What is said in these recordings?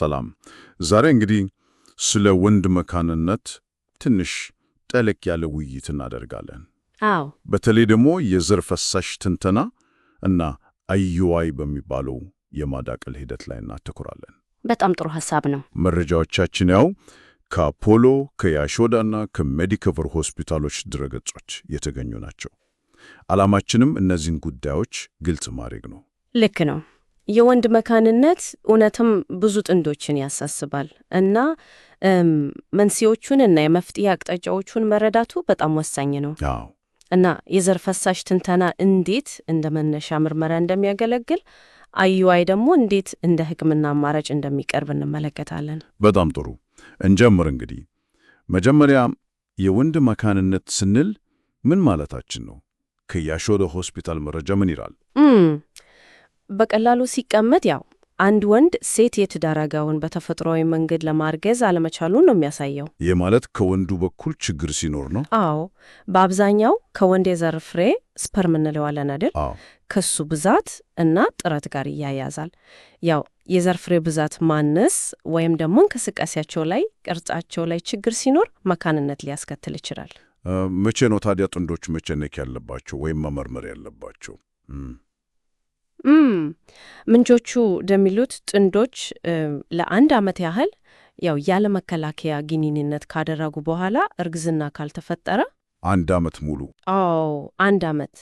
ሰላም። ዛሬ እንግዲህ ስለ ወንድ መካንነት ትንሽ ጠለቅ ያለ ውይይት እናደርጋለን። አዎ፣ በተለይ ደግሞ የዘር ፈሳሽ ትንተና እና አዩዋይ በሚባለው የማዳቀል ሂደት ላይ እናተኩራለን። በጣም ጥሩ ሀሳብ ነው። መረጃዎቻችን ያው ከአፖሎ ከያሾዳ እና ከሜዲከቨር ሆስፒታሎች ድረገጾች የተገኙ ናቸው። ዓላማችንም እነዚህን ጉዳዮች ግልጽ ማድረግ ነው። ልክ ነው። የወንድ መካንነት እውነትም ብዙ ጥንዶችን ያሳስባል እና መንስኤዎቹን እና የመፍትሄ አቅጣጫዎቹን መረዳቱ በጣም ወሳኝ ነው እና የዘር ፈሳሽ ትንተና እንዴት እንደ መነሻ ምርመራ እንደሚያገለግል አዩዋይ ደግሞ እንዴት እንደ ሕክምና አማራጭ እንደሚቀርብ እንመለከታለን። በጣም ጥሩ እንጀምር። እንግዲህ መጀመሪያ የወንድ መካንነት ስንል ምን ማለታችን ነው? ከያሾ ሆስፒታል መረጃ ምን ይላል? በቀላሉ ሲቀመጥ ያው አንድ ወንድ ሴት የትዳር አጋውን በተፈጥሯዊ መንገድ ለማርገዝ አለመቻሉን ነው የሚያሳየው። ይህ ማለት ከወንዱ በኩል ችግር ሲኖር ነው። አዎ፣ በአብዛኛው ከወንድ የዘር ፍሬ ስፐርም እንለዋለን አይደል? ከሱ ብዛት እና ጥረት ጋር ይያያዛል። ያው የዘር ፍሬ ብዛት ማነስ ወይም ደግሞ እንቅስቃሴያቸው ላይ ቅርጻቸው ላይ ችግር ሲኖር መካንነት ሊያስከትል ይችላል። መቼ ነው ታዲያ ጥንዶች መጨነቅ ያለባቸው ወይም መመርመር ያለባቸው? ምንጮቹ እንደሚሉት ጥንዶች ለአንድ ዓመት ያህል ያው ያለ መከላከያ ግንኙነት ካደረጉ በኋላ እርግዝና ካልተፈጠረ አንድ ዓመት ሙሉ አዎ፣ አንድ ዓመት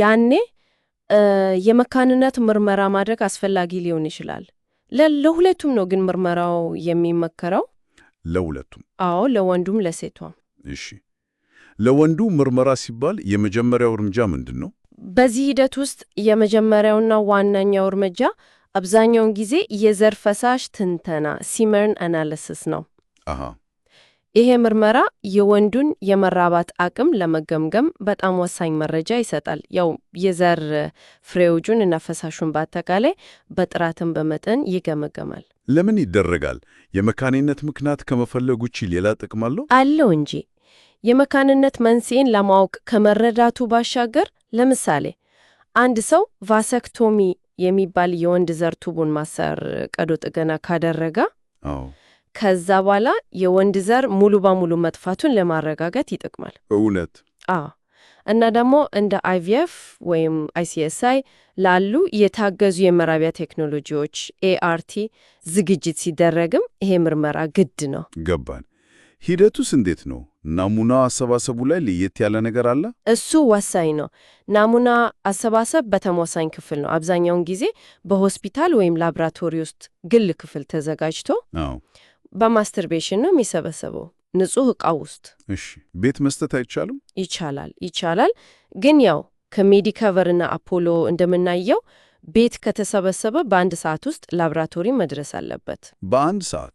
ያኔ የመካንነት ምርመራ ማድረግ አስፈላጊ ሊሆን ይችላል። ለሁለቱም ነው ግን ምርመራው የሚመከረው ለሁለቱም? አዎ፣ ለወንዱም ለሴቷም። እሺ፣ ለወንዱ ምርመራ ሲባል የመጀመሪያው እርምጃ ምንድን ነው? በዚህ ሂደት ውስጥ የመጀመሪያውና ዋነኛው እርምጃ አብዛኛውን ጊዜ የዘር ፈሳሽ ትንተና ሲመርን አናሊሲስ ነው። ይሄ ምርመራ የወንዱን የመራባት አቅም ለመገምገም በጣም ወሳኝ መረጃ ይሰጣል። ያው የዘር ፍሬውጁን እና ፈሳሹን በአጠቃላይ በጥራትም በመጠን ይገመገማል። ለምን ይደረጋል? የመካኔነት ምክንያት ከመፈለግ ውጪ ሌላ ጥቅም አለው? አለው እንጂ የመካንነት መንስኤን ለማወቅ ከመረዳቱ ባሻገር ለምሳሌ አንድ ሰው ቫሰክቶሚ የሚባል የወንድ ዘር ቱቡን ማሰር ቀዶ ጥገና ካደረገ ከዛ በኋላ የወንድ ዘር ሙሉ በሙሉ መጥፋቱን ለማረጋገጥ ይጠቅማል። እውነት? አዎ። እና ደግሞ እንደ አይቪኤፍ ወይም አይሲኤስአይ ላሉ የታገዙ የመራቢያ ቴክኖሎጂዎች ኤአርቲ ዝግጅት ሲደረግም ይሄ ምርመራ ግድ ነው። ገባን። ሂደቱስ እንዴት ነው? ናሙና አሰባሰቡ ላይ ለየት ያለ ነገር አለ? እሱ ወሳኝ ነው። ናሙና አሰባሰብ በጣም ወሳኝ ክፍል ነው። አብዛኛውን ጊዜ በሆስፒታል ወይም ላብራቶሪ ውስጥ ግል ክፍል ተዘጋጅቶ በማስተርቤሽን ነው የሚሰበሰበው ንጹህ ዕቃ ውስጥ። እሺ፣ ቤት መስጠት አይቻልም? ይቻላል ይቻላል። ግን ያው ከሜዲካቨርና አፖሎ እንደምናየው ቤት ከተሰበሰበ በአንድ ሰዓት ውስጥ ላብራቶሪ መድረስ አለበት። በአንድ ሰዓት?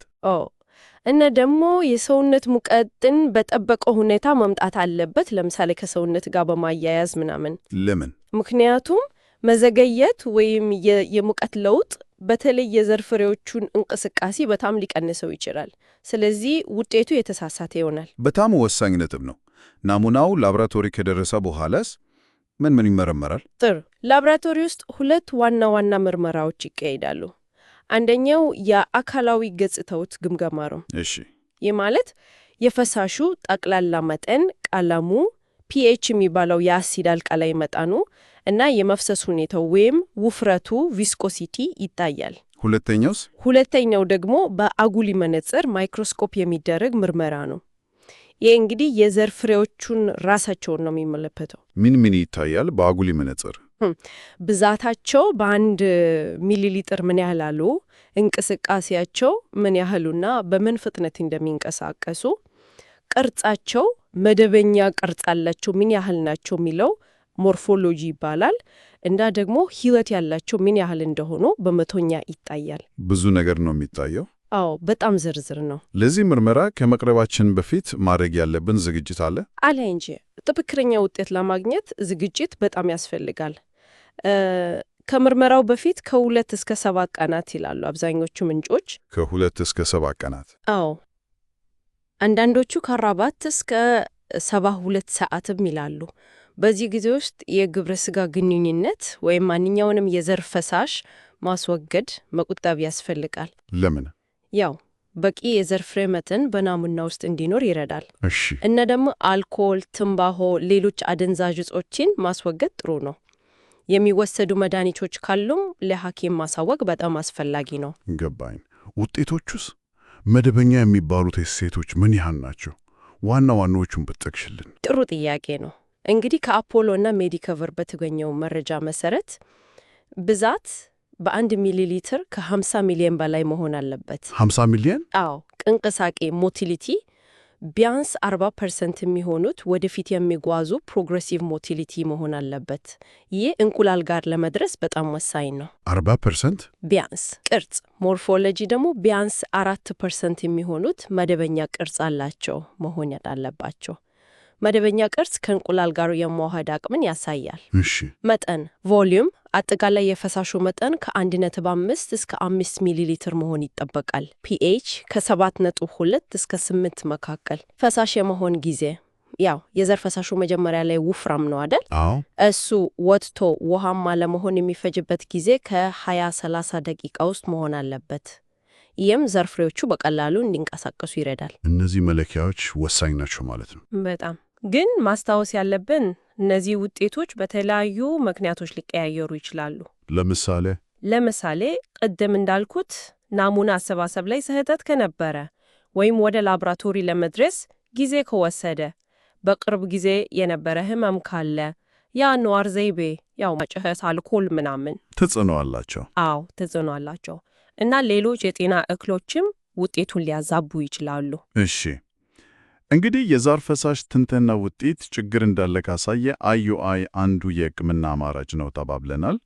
እና ደግሞ የሰውነት ሙቀትን በጠበቀ ሁኔታ መምጣት አለበት። ለምሳሌ ከሰውነት ጋር በማያያዝ ምናምን። ለምን? ምክንያቱም መዘገየት ወይም የሙቀት ለውጥ በተለይ የዘር ፍሬዎቹን እንቅስቃሴ በጣም ሊቀንሰው ይችላል። ስለዚህ ውጤቱ የተሳሳተ ይሆናል። በጣም ወሳኝ ነጥብ ነው። ናሙናው ላብራቶሪ ከደረሰ በኋላስ ምን ምን ይመረመራል? ጥሩ። ላብራቶሪ ውስጥ ሁለት ዋና ዋና ምርመራዎች ይካሄዳሉ። አንደኛው የአካላዊ ገጽታዎት ግምገማ ነው። እሺ፣ ይህ ማለት የፈሳሹ ጠቅላላ መጠን፣ ቀለሙ፣ ፒኤች የሚባለው የአሲድ አልቃላይ መጠኑ እና የመፍሰስ ሁኔታው ወይም ውፍረቱ ቪስኮሲቲ ይታያል። ሁለተኛውስ? ሁለተኛው ደግሞ በአጉሊ መነጽር ማይክሮስኮፕ የሚደረግ ምርመራ ነው። ይህ እንግዲህ የዘር ፍሬዎቹን ራሳቸውን ነው የሚመለከተው። ምን ምን ይታያል በአጉሊ መነጽር? ብዛታቸው በአንድ ሚሊ ሊትር ምን ያህል አሉ፣ እንቅስቃሴያቸው ምን ያህሉና በምን ፍጥነት እንደሚንቀሳቀሱ፣ ቅርጻቸው መደበኛ ቅርጽ አላቸው ምን ያህል ናቸው የሚለው ሞርፎሎጂ ይባላል እና ደግሞ ህይወት ያላቸው ምን ያህል እንደሆኑ በመቶኛ ይታያል። ብዙ ነገር ነው የሚታየው። አዎ በጣም ዝርዝር ነው። ለዚህ ምርመራ ከመቅረባችን በፊት ማድረግ ያለብን ዝግጅት አለ አለ እንጂ ትክክለኛ ውጤት ለማግኘት ዝግጅት በጣም ያስፈልጋል። ከምርመራው በፊት ከሁለት እስከ ሰባት ቀናት ይላሉ አብዛኞቹ ምንጮች። ከሁለት እስከ ሰባት ቀናት። አዎ አንዳንዶቹ ከአራባት እስከ ሰባ ሁለት ሰዓትም ይላሉ። በዚህ ጊዜ ውስጥ የግብረ ስጋ ግንኙነት ወይም ማንኛውንም የዘር ፈሳሽ ማስወገድ መቁጠብ ያስፈልጋል። ለምን? ያው በቂ የዘር ፍሬ መጠን በናሙና ውስጥ እንዲኖር ይረዳል። እሺ። እና ደግሞ አልኮል፣ ትንባሆ፣ ሌሎች አደንዛዥ እጾችን ማስወገድ ጥሩ ነው። የሚወሰዱ መድኃኒቶች ካሉም ለሐኪም ማሳወቅ በጣም አስፈላጊ ነው። ገባኝ። ውጤቶቹስ መደበኛ የሚባሉት ሴቶች ምን ያህል ናቸው? ዋና ዋናዎቹን ብትጠቅሽልን። ጥሩ ጥያቄ ነው። እንግዲህ ከአፖሎ እና ሜዲከቨር በተገኘው መረጃ መሰረት ብዛት በአንድ ሚሊ ሊትር ከ50 ሚሊየን በላይ መሆን አለበት። 50 ሚሊየን? አዎ። ቅንቅሳቄ ሞቲሊቲ ቢያንስ 40 ፐርሰንት የሚሆኑት ወደፊት የሚጓዙ ፕሮግሬሲቭ ሞቲሊቲ መሆን አለበት። ይህ እንቁላል ጋር ለመድረስ በጣም ወሳኝ ነው። 40 ፐርሰንት ቢያንስ። ቅርጽ ሞርፎሎጂ ደግሞ ቢያንስ አራት ፐርሰንት የሚሆኑት መደበኛ ቅርጽ አላቸው መሆን አለባቸው። መደበኛ ቅርጽ ከእንቁላል ጋር የመዋሃድ አቅምን ያሳያል። መጠን ቮሊዩም አጠቃላይ የፈሳሹ መጠን ከ1.5 እስከ 5 ሚሊ ሊትር መሆን ይጠበቃል። ፒኤች ከ7.2 እስከ 8 መካከል። ፈሳሽ የመሆን ጊዜ ያው የዘር ፈሳሹ መጀመሪያ ላይ ውፍራም ነው አደል? እሱ ወጥቶ ውሃማ ለመሆን የሚፈጅበት ጊዜ ከ20 30 ደቂቃ ውስጥ መሆን አለበት። ይህም ዘርፍሬዎቹ በቀላሉ እንዲንቀሳቀሱ ይረዳል። እነዚህ መለኪያዎች ወሳኝ ናቸው ማለት ነው። በጣም ግን ማስታወስ ያለብን እነዚህ ውጤቶች በተለያዩ ምክንያቶች ሊቀያየሩ ይችላሉ። ለምሳሌ ለምሳሌ ቅድም እንዳልኩት ናሙና አሰባሰብ ላይ ስህተት ከነበረ ወይም ወደ ላብራቶሪ ለመድረስ ጊዜ ከወሰደ፣ በቅርብ ጊዜ የነበረ ህመም ካለ፣ የአኗኗር ዘይቤ ያው ማጨስ፣ አልኮል ምናምን ተጽዕኖ አላቸው። አዎ ተጽዕኖ አላቸው እና ሌሎች የጤና እክሎችም ውጤቱን ሊያዛቡ ይችላሉ። እሺ እንግዲህ የዛር ፈሳሽ ትንተና ውጤት ችግር እንዳለ ካሳየ አዩአይ አንዱ የሕክምና አማራጭ ነው ተባብለናል።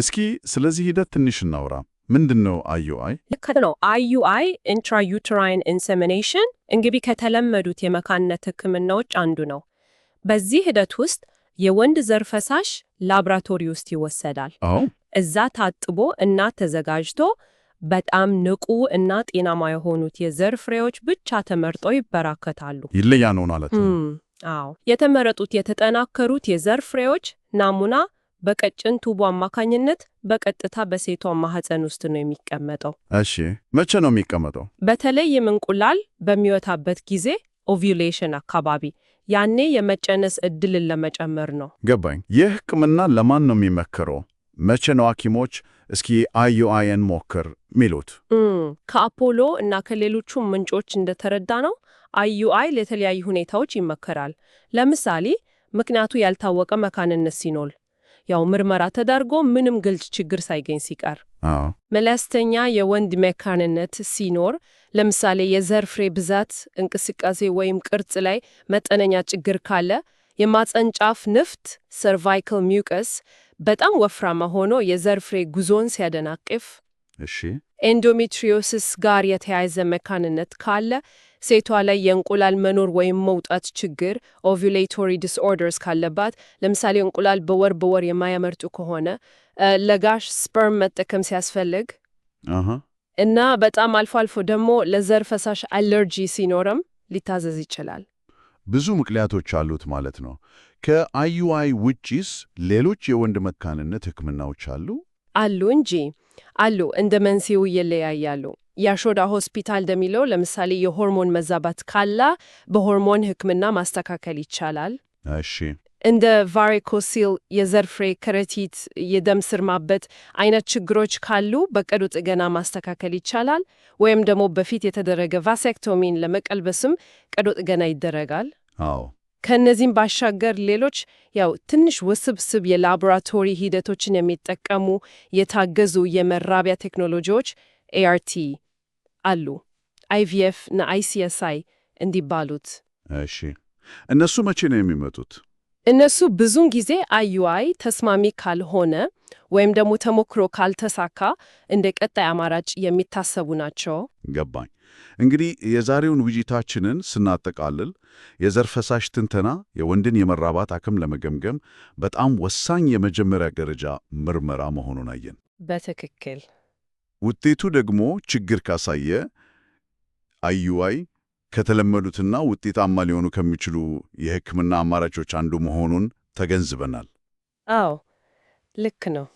እስኪ ስለዚህ ሂደት ትንሽ እናውራ። ምንድን ነው አዩአይ? ልክ ነው። አዩአይ ኢንትራዩትራይን ኢንሴሚኔሽን እንግዲህ ከተለመዱት የመካንነት ህክምናዎች አንዱ ነው። በዚህ ሂደት ውስጥ የወንድ ዘር ፈሳሽ ላብራቶሪ ውስጥ ይወሰዳል። እዛ ታጥቦ እና ተዘጋጅቶ በጣም ንቁ እና ጤናማ የሆኑት የዘር ፍሬዎች ብቻ ተመርጠው ይበራከታሉ። ይለያ ነው ማለት ነው። አዎ፣ የተመረጡት የተጠናከሩት የዘር ፍሬዎች ናሙና በቀጭን ቱቦ አማካኝነት በቀጥታ በሴቷ ማህፀን ውስጥ ነው የሚቀመጠው። እሺ፣ መቼ ነው የሚቀመጠው? በተለይም እንቁላል በሚወታበት ጊዜ ኦቪሌሽን አካባቢ ያኔ የመጨነስ እድልን ለመጨመር ነው። ገባኝ። ይህ ህክምና ለማን ነው የሚመከረው? መቼ ነው ሐኪሞች እስኪ አዩአይን ሞክር ሚሉት ከአፖሎ እና ከሌሎቹ ምንጮች እንደተረዳ ነው። አዩአይ ለተለያዩ ሁኔታዎች ይመከራል። ለምሳሌ ምክንያቱ ያልታወቀ መካንነት ሲኖል ያው ምርመራ ተደርጎ ምንም ግልጽ ችግር ሳይገኝ ሲቀር፣ መለስተኛ የወንድ መካንነት ሲኖር ለምሳሌ የዘር ፍሬ ብዛት፣ እንቅስቃሴ ወይም ቅርጽ ላይ መጠነኛ ችግር ካለ፣ የማጸንጫፍ ንፍት ሰርቫይካል ሚውከስ በጣም ወፍራማ ሆኖ የዘር ፍሬ ጉዞን ሲያደናቅፍ፣ እሺ ኤንዶሜትሪዮሲስ ጋር የተያያዘ መካንነት ካለ ሴቷ ላይ የእንቁላል መኖር ወይም መውጣት ችግር ኦቪሌቶሪ ዲስኦርደርስ ካለባት፣ ለምሳሌ እንቁላል በወር በወር የማያመርጡ ከሆነ ለጋሽ ስፐርም መጠቀም ሲያስፈልግ እና በጣም አልፎ አልፎ ደግሞ ለዘር ፈሳሽ አለርጂ ሲኖርም ሊታዘዝ ይችላል። ብዙ ምክንያቶች አሉት ማለት ነው። ከአይዩአይ ውጪስ ሌሎች የወንድ መካንነት ህክምናዎች አሉ? አሉ እንጂ አሉ። እንደ መንስኤው ይለያያሉ። የአሾዳ ሆስፒታል እንደሚለው ለምሳሌ የሆርሞን መዛባት ካላ በሆርሞን ህክምና ማስተካከል ይቻላል። እሺ። እንደ ቫሪኮሲል፣ የዘርፍሬ ከረቲት፣ የደም ስር ማበጥ አይነት ችግሮች ካሉ በቀዶ ጥገና ማስተካከል ይቻላል። ወይም ደግሞ በፊት የተደረገ ቫሴክቶሚን ለመቀልበስም ቀዶ ጥገና ይደረጋል። አዎ። ከእነዚህም ባሻገር ሌሎች ያው ትንሽ ውስብስብ የላቦራቶሪ ሂደቶችን የሚጠቀሙ የታገዙ የመራቢያ ቴክኖሎጂዎች ኤአርቲ አሉ፣ አይቪኤፍ እና አይሲኤስአይ እንዲባሉት። እሺ፣ እነሱ መቼ ነው የሚመጡት? እነሱ ብዙን ጊዜ አዩአይ ተስማሚ ካልሆነ ወይም ደግሞ ተሞክሮ ካልተሳካ እንደ ቀጣይ አማራጭ የሚታሰቡ ናቸው። ገባኝ። እንግዲህ የዛሬውን ውይይታችንን ስናጠቃልል የዘር ፈሳሽ ትንተና የወንድን የመራባት አቅም ለመገምገም በጣም ወሳኝ የመጀመሪያ ደረጃ ምርመራ መሆኑን አየን። በትክክል ውጤቱ ደግሞ ችግር ካሳየ አዩአይ ከተለመዱትና ውጤታማ ሊሆኑ ከሚችሉ የሕክምና አማራጮች አንዱ መሆኑን ተገንዝበናል። አዎ ልክ ነው።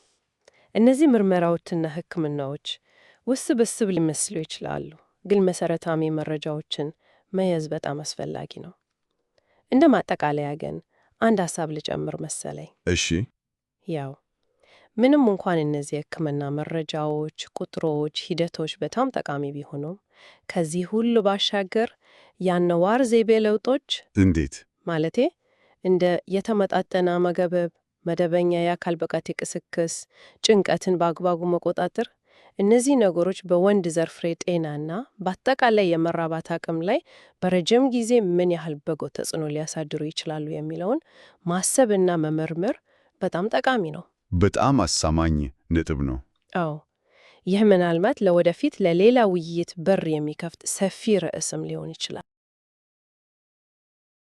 እነዚህ ምርመራዎችና ሕክምናዎች ውስብስብ ሊመስሉ ይችላሉ፣ ግን መሰረታዊ መረጃዎችን መያዝ በጣም አስፈላጊ ነው። እንደ ማጠቃለያ ግን አንድ ሀሳብ ልጨምር መሰለኝ። እሺ። ያው ምንም እንኳን እነዚህ የሕክምና መረጃዎች፣ ቁጥሮች፣ ሂደቶች በጣም ጠቃሚ ቢሆኑም ከዚህ ሁሉ ባሻገር የአኗኗር ዘይቤ ለውጦች እንዴት ማለቴ እንደ የተመጣጠነ አመጋገብ፣ መደበኛ የአካል ብቃት እንቅስቃሴ፣ ጭንቀትን በአግባቡ መቆጣጠር እነዚህ ነገሮች በወንድ ዘር ፍሬ ጤናና በአጠቃላይ የመራባት አቅም ላይ በረጅም ጊዜ ምን ያህል በጎ ተጽዕኖ ሊያሳድሩ ይችላሉ የሚለውን ማሰብና መመርመር በጣም ጠቃሚ ነው። በጣም አሳማኝ ነጥብ ነው። አዎ። ይህ ምናልባት ለወደፊት ለሌላ ውይይት በር የሚከፍት ሰፊ ርዕስም ሊሆን ይችላል።